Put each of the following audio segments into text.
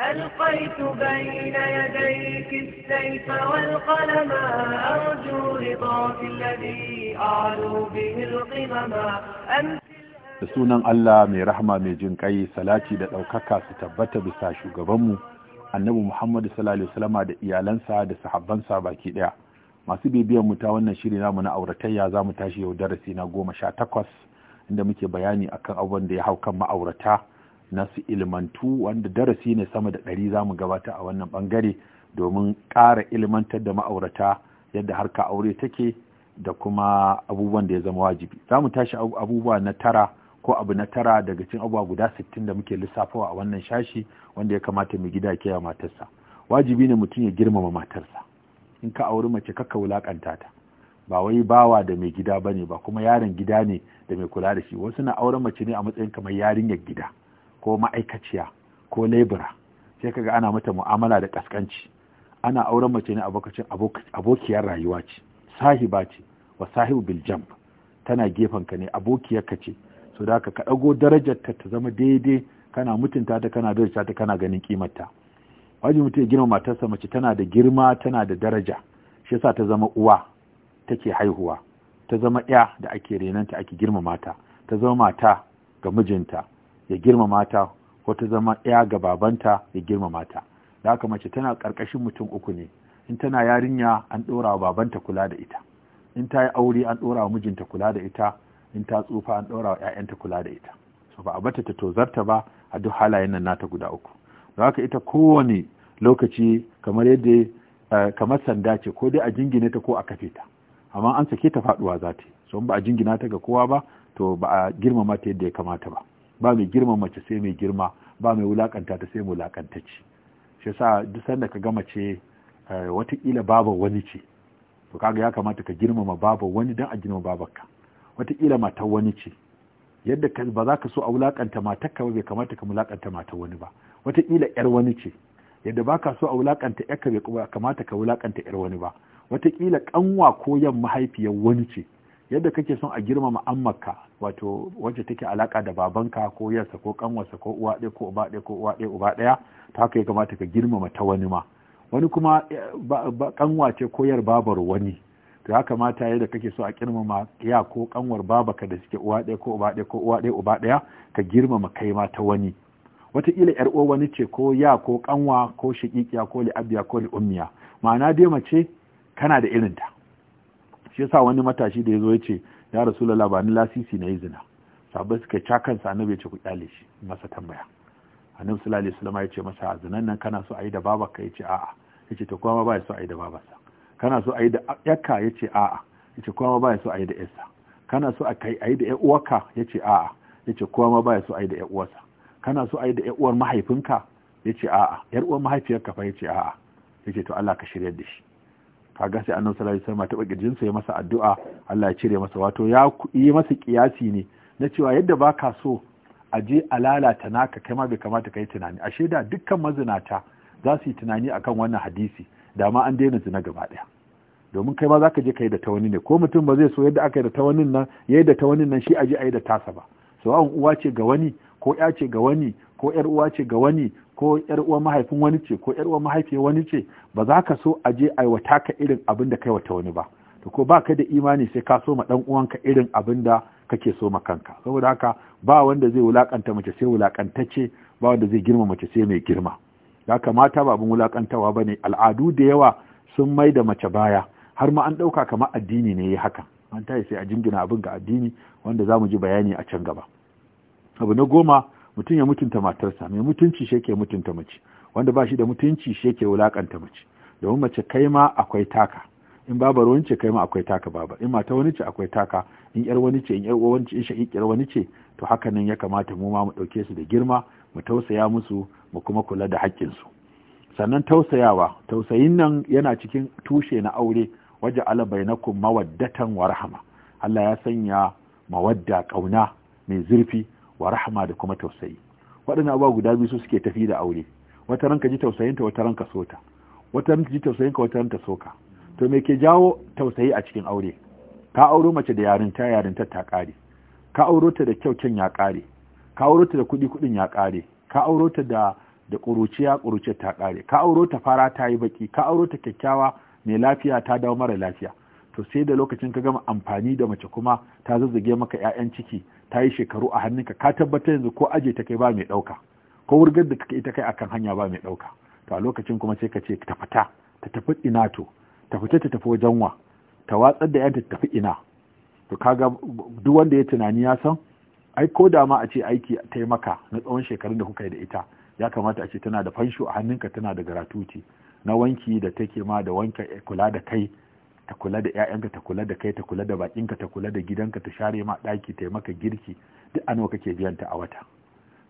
ألقيت بين يديك السيف والقلم أرجو رضاك الذي أعلو به القمم da sunan Allah mai rahama mai jin kai salati da ɗaukaka su tabbata bisa shugabanmu annabi Muhammadu sallallahu alaihi da iyalansa da sahabbansa baki ɗaya masu bibiyan mu ta wannan shiri namu na auratayya za mu tashi yau darasi na goma sha takwas inda muke bayani akan abubuwan da ya hau kan ma'aurata na su ilmantu wanda darasi ne sama da ɗari za mu gabata a wannan ɓangare domin ƙara ilmantar da ma'aurata yadda harka aure take da kuma abubuwan da ya zama wajibi za mu tashi abubuwa na tara ko abu na tara daga cikin abubuwa guda sittin da muke lissafawa a wannan shashi wanda ya kamata mu gida ke matarsa wajibi ne mutum ya girmama matarsa in ka auri mace ka wulakanta ta ba wai bawa da mai gida bane ba kuma yaron gida ne da mai kula da shi wasu na auren mace ne a matsayin kamar yarinyar gida ko ma'aikaciya ko lebura sai kaga ana mata mu'amala da kaskanci ana auren mace ne abokacin abokiyar rayuwa ce sahiba ce wa sahibu bil jamb tana gefen ka ne abokiyar ka ce so da ka dago darajar ta ta zama daidai kana mutunta ta kana daraja ta kana ganin kimarta wajibi mutum ya girma matarsa mace tana da girma tana da daraja shi yasa ta zama uwa take haihuwa ta zama ya da ake renanta ake girmamata, mata ta zama mata ga mijinta ya girmama ta ko ta zama ɗaya ga babanta ya girmama ta da haka mace tana ƙarƙashin mutum uku ne in tana yarinya an ɗora wa babanta kula da ita in ta yi aure an ɗora wa mijinta kula da ita in ta tsufa an ɗora wa 'ya'yanta kula da ita so ba a bata ta tozarta ba a duk halayen nan nata guda uku da haka ita kowane lokaci kamar yadda eh, kamar sanda ce ko dai a jingine ta ko a kafe ta amma an sake ta faɗuwa za ta yi so ba a jingina ta ga kowa ba to ba a girmama ta yadda ya kamata ba ba mai girma mace sai mai girma ba mai wulakanta ta sai wulakantacci shi yasa duk sanda ka gama ce eh, watakila babu wani ce to kaga ya kamata ka girmama babu wani dan a girmama babarka watakila matar wani ce yadda ba za ka so a wulakanta matarka ba bai kamata ka wulakanta matar wani ba watakila yar wani ce yadda ba ka so a wulakanta yarka bai kamata ka wulakanta yar wani ba watakila kanwa ko yan mahaifiyar wani ce yadda kake son a girmama ammaka wato wacce take alaka da babanka ko yarsa ko kanwarsa ko uwa ɗaya ko uba ɗaya ko uwa ɗaya uba ɗaya ta haka ya kamata ka girmama ta wani ma wani kuma kanwa eh, ce ko yar babar wani to ya kamata yadda kake so a girmama ya ko kanwar babaka da suke uwa ɗaya ko uba ɗaya ko uwa ɗaya uba ɗaya ka girmama kai ma ta wani wataƙila yar uwa wani ce ko ya ko kanwa ko shiƙiƙiya ko li'abiya ko li'ummiya ma'ana dai mace kana da irinta shi yasa wani matashi da ya zo ya ce ya rasu ba ni lasisi na yi zina sabai suka ca kansa annabi ya ce ku kyale shi masa tambaya annabi sallallahu alaihi wasallam ya ce masa zinan nan kana so a yi da babarka ya ce a'a ya ce to kuma ba ya so a yi da babarsa kana so a yi da yakka ya ce a'a ya ce kuma ba ya so a yi da yarsa kana so a kai a yi da yar uwarka ya ce a'a ya ce kuma ba ya so a yi da yar uwarsa kana so a yi da yar uwar mahaifinka ya ce a'a yar uwar mahaifiyarka fa ya ce a'a ya ce to Allah ka shiryar da shi kaga sai annabi sallallahu alaihi wasallam taɓa kirjinsa ya masa addu'a Allah ya cire masa wato ya yi masa kiyasi ne na cewa yadda baka so a je a lalata naka kai ma bai kamata kai tunani a da dukkan mazinata za su yi tunani akan wannan hadisi da ma an daina zina gaba daya domin kai ma za ka je ka yi da ta wani ne ko mutum ba zai so yadda aka yi da ta wani nan ya yi da ta wani nan shi a je a yi da tasa ba sawa'un uwa ce ga wani ko ya ce ga wani ko yar uwa ce ga wani ko yar uwa mahaifin wani ce ko yar uwa mahaifin wani ce ba za ka so a je aiwata ka irin abin da kai wata wani ba to ko ba ka da imani sai ka so ma dan ka irin abin da kake so ma kanka saboda haka ba wanda zai wulakanta mace sai wulakantacce ba wanda zai girma mace sai mai girma ya kamata ba abin wulakantawa ba ne al'adu da yawa sun mai da mace baya har ma an ɗauka kamar addini ne ya haka an tayi sai a jingina abin ga addini wanda za mu ji bayani a can gaba abu na goma mutum ya mutunta matarsa mai mutunci shi yake mutunta mace wanda ba shi da mutunci shi yake wulakanta mace domin mace kai ma akwai taka in babar wani ce kai ma akwai taka babar in mata wani ce akwai taka in yar wani ce in yar wani ce in yar wani ce to haka nan ya kamata mu ma mu ɗauke su da girma mu tausaya musu mu kuma kula da haƙƙinsu sannan tausayawa tausayin nan yana cikin tushe na aure waje ala bainakum mawaddatan wa Allah ya sanya mawadda kauna mai zurfi wa rahama da kuma tausayi waɗannan abubuwa guda biyu su suke tafi da aure wata ranka ji tausayinta wata ranka sota wata ranka ji tausayinka wata ranka soka to me ke jawo tausayi a cikin aure ka auro mace da yarinta yarinta ta kare ka auro ta da kyau kyan ya kare ka auro ta da kuɗi kuɗin ya kare ka auro ta da da ƙuruciya ƙuruciyar ta kare ka auro ta fara ta yi baki ka auro ta kyakkyawa mai lafiya ta dawo mara lafiya to sai da lokacin ka gama amfani da mace kuma ta zazzage maka 'ya'yan ciki ta yi shekaru a hannunka ka tabbatar yanzu ko aje ta kai ba mai ɗauka ko wurgar da kake ita kai akan hanya ba mai ɗauka to a lokacin kuma sai ka ce ta fita ta tafi ina to ta fita ta tafi wajen wa ta watsar da 'yanta ta tafi ina to kaga duk wanda ya tunani ya san ai ko da ma a ce aiki ta yi maka na tsawon shekarun da kuka yi da ita ya kamata a ce tana da fansho a hannunka tana da garatuti na wanki da take ma da wanka kula da kai ta kula da ƴaƴanka ta kula da kai ta kula da ka ta kula da gidanka ta share ma ɗaki ta maka girki duk anuwa kake biyan ta a wata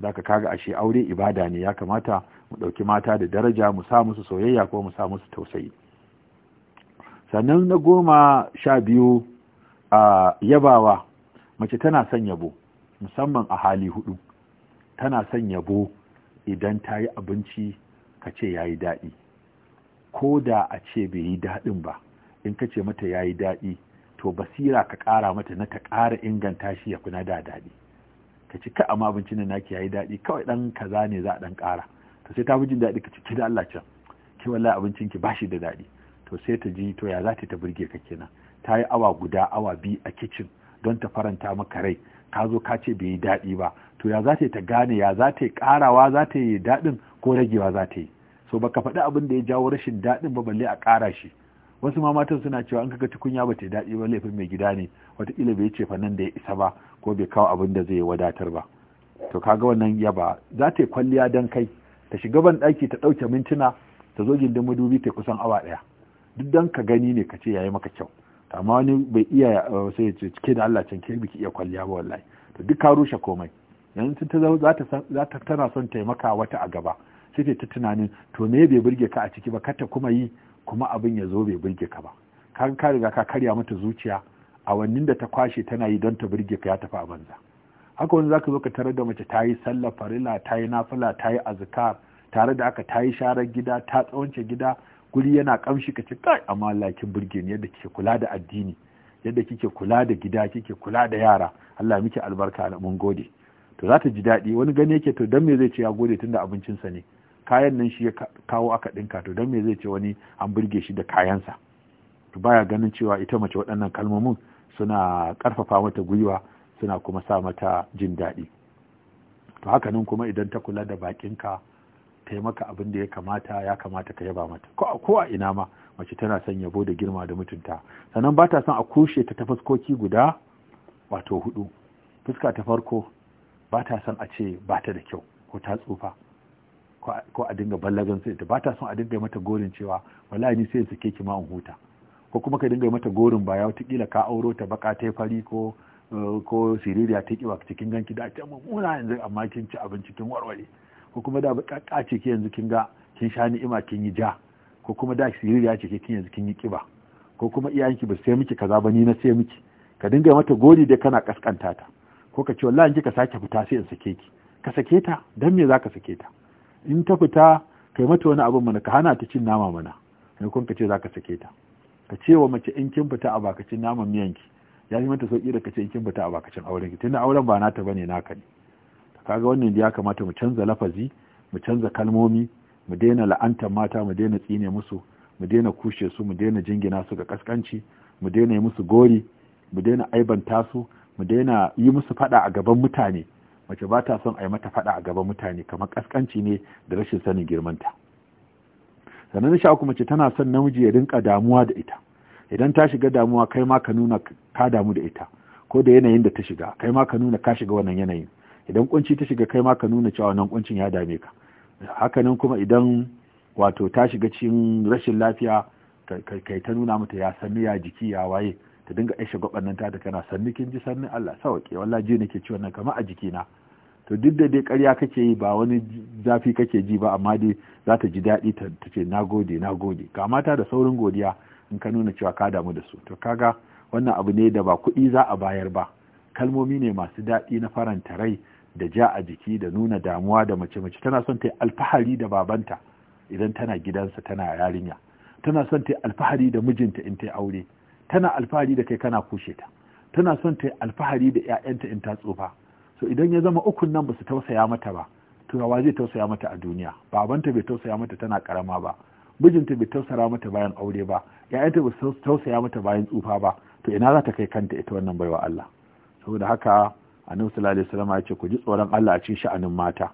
za ka kaga ashe aure ibada ne ya kamata mu ɗauki mata da daraja mu sa musu soyayya ko mu sa musu tausayi sannan na goma sha biyu a yabawa mace tana son yabo musamman a hali hudu tana son yabo idan ta yi abinci ka ce ya yi daɗi ko da a ce bai yi daɗin ba in ka ce mata ya yi daɗi to basira ka ƙara mata na ka ƙara inganta shi ya kuna da daɗi ka ci ka amma abincin da naki ya yi daɗi kawai ɗan kaza ne za a ɗan ƙara to sai ta fi jin daɗi ka ci ki da Allah can ki wallahi abincin ki bashi da daɗi to sai ta ji to ya za ta burge ka kenan ta yi awa guda awa biyu a kicin don ta faranta maka rai ka zo ka ce bai yi daɗi ba to ya za ta ta gane ya za ta yi ƙarawa za ta yi daɗin ko ragewa za ta yi so baka faɗi abin da ya jawo rashin daɗin ba balle a ƙara shi wasu ma matan suna cewa an kaga tukunya ba ta daɗi ba laifin mai gida ne wataƙila bai ce fa nan da ya isa ba ko bai kawo abin da zai wadatar ba to kaga wannan yaba za ta yi kwalliya don kai ta shiga ban ɗaki ta ɗauke mintuna ta zo gindin madubi ta kusan awa ɗaya duk dan ka gani ne ka ce yayi maka kyau amma wani bai iya eh, sai ce cike da Allah can ke biki iya kwalliya ba wallahi to duk ka rushe komai yanzu ta za ta tana son taimaka wata a gaba sai ta tunanin to me bai burge ka a ciki ba kar ta kuma yi kuma abin ya zo bai burge ka ba kan ka riga ka karya mata zuciya awannin da ta kwashe tana yi don ta burge ka ya tafi a banza haka wani zaka zo ka tarar da mace ta yi sallah farila ta yi nafila ta yi azkar tare da aka ta yi sharar gida ta tsawance gida guri yana kamshi ka ce kai amma Allah kin burge ni yadda kike kula da addini yadda kike kula da gida kike kula da yara Allah miki albarka mun gode to za ta ji daɗi wani gani yake to dan me zai ce ya gode tunda abincinsa ne kayan nan shi ya kawo aka ɗinka to don me zai ce wani an burge shi da kayansa to baya ganin cewa ita mace waɗannan kalmomin suna ƙarfafa mata gwiwa suna kuma sa mata jin daɗi to haka nan kuma idan ta kula da bakinka ta yi maka abin da ya kamata ya kamata ka yaba mata ko a ina ma mace tana son yabo da girma da mutunta sannan ba ta son a kushe ta ta fuskoki guda wato hudu fuska ta farko ba ta son a ce ba ta da kyau ko ta tsufa ko a dinga ballagan sai ta ba ta son a dinga mata gorin cewa wallahi ni sai in sake ki ma in huta ko kuma ka dinga mata gorin baya kila ka auro ta baka ta fari ko eh, ko siririya ta kiwa cikin ganki da ta mummuna yanzu amma kin ci abinci kin warware ko kuma da baka ce ki yanzu kin ga kin sha ni'ima kin yi ja ko kuma da siririya ce kin yanzu kin yi kiba ko kuma iyayenki ba sai miki kaza ba ni na sai miki ka dinga mata gori dai kana kaskanta ta ko ka ce wallahi kika sake fita sai in sake ki ka sake ta dan me zaka sake ta in ta fita kai mata wani abin mana ka hana ta cin nama mana sai kun ka ce zaka sake ta ka ce wa mace in kin fita a bakacin naman miyanki ya yi mata sauki da ka ce in kin fita a bakacin auren ki tunda auren ba nata bane naka ne kaga wannan ya kamata mu canza lafazi mu canza kalmomi mu daina la'antar mata mu daina tsine musu mu daina kushe su mu daina jingina su ga kaskanci mu daina yi musu gori mu daina aibanta su mu daina yi musu fada a gaban mutane mace ba ta son a yi mata faɗa a gaban mutane kamar kaskanci ne da rashin sanin girmanta sannan na sha mace tana son namiji ya rinka damuwa da ita idan ta shiga damuwa kai ma ka nuna ka damu da ita ko da yanayin da ta shiga kai ma ka nuna ka shiga wannan yanayin idan kunci ta shiga kai ma ka nuna cewa wannan kuncin ya dame ka hakanan kuma idan wato ta shiga cikin rashin lafiya kai ta nuna mata ya sanu ya jiki ya waye ta dinga aisha gwabannin ta kana sanni kin ji sanni Allah sauke wallahi je nake ci wannan kamar a jikina to duk da dai ƙarya kake yi ba wani zafi kake ji ba amma dai za ta ji daɗi ta ce nagode nagode kamata da saurin godiya in ka nuna cewa ka damu da su to kaga wannan abu ne da ba kuɗi za a bayar ba kalmomi ne masu daɗi na faranta rai da ja a jiki da nuna damuwa da mace mace tana son ta yi alfahari da babanta idan tana gidansa tana yarinya tana son ta yi alfahari da mijinta in ta yi aure tana alfahari da kai kana kushe ta tana son ta yi alfahari da ƴaƴanta in ta tsufa so idan ya zama ukun nan basu tausaya mata ba to zai tausaya mata a duniya babanta bai tausaya mata tana karama ba mijinta bai tausara mata bayan aure ba ƴaƴanta basu tausaya mata bayan tsufa ba to ina za ta kai kanta ita wannan baiwa Allah saboda haka annabi sallallahu alaihi wasallam ya ce ku ji tsoron Allah a cikin sha'anin mata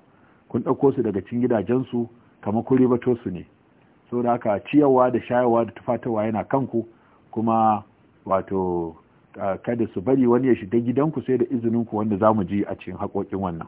kun ɗauko su daga cikin gidajensu kamar ba to su ne saboda haka ciyawa da shayarwa da tufatarwa yana kanku kuma wato kada su bari wani ya shiga gidanku sai da izininku wanda za mu ji a cikin haƙoƙin wannan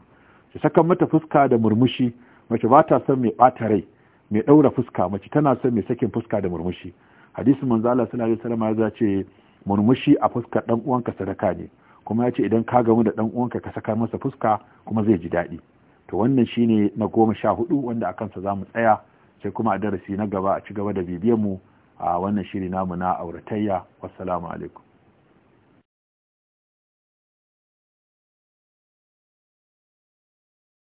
su saka mata fuska da murmushi mace ba ta son mai ɓata rai mai ɗaura fuska mace tana son mai sakin fuska da murmushi hadisi manzo Allah sallallahu alaihi wasallam ya ce murmushi a fuska dan uwanka sadaka ne kuma ya ce idan ka gamu da dan uwanka ka saka masa fuska kuma zai ji daɗi to wannan shine na goma sha hudu wanda akan sa zamu tsaya sai kuma a darasi na gaba a ci gaba da bibiyar mu a wannan shiri namu na auratayya wassalamu alaikum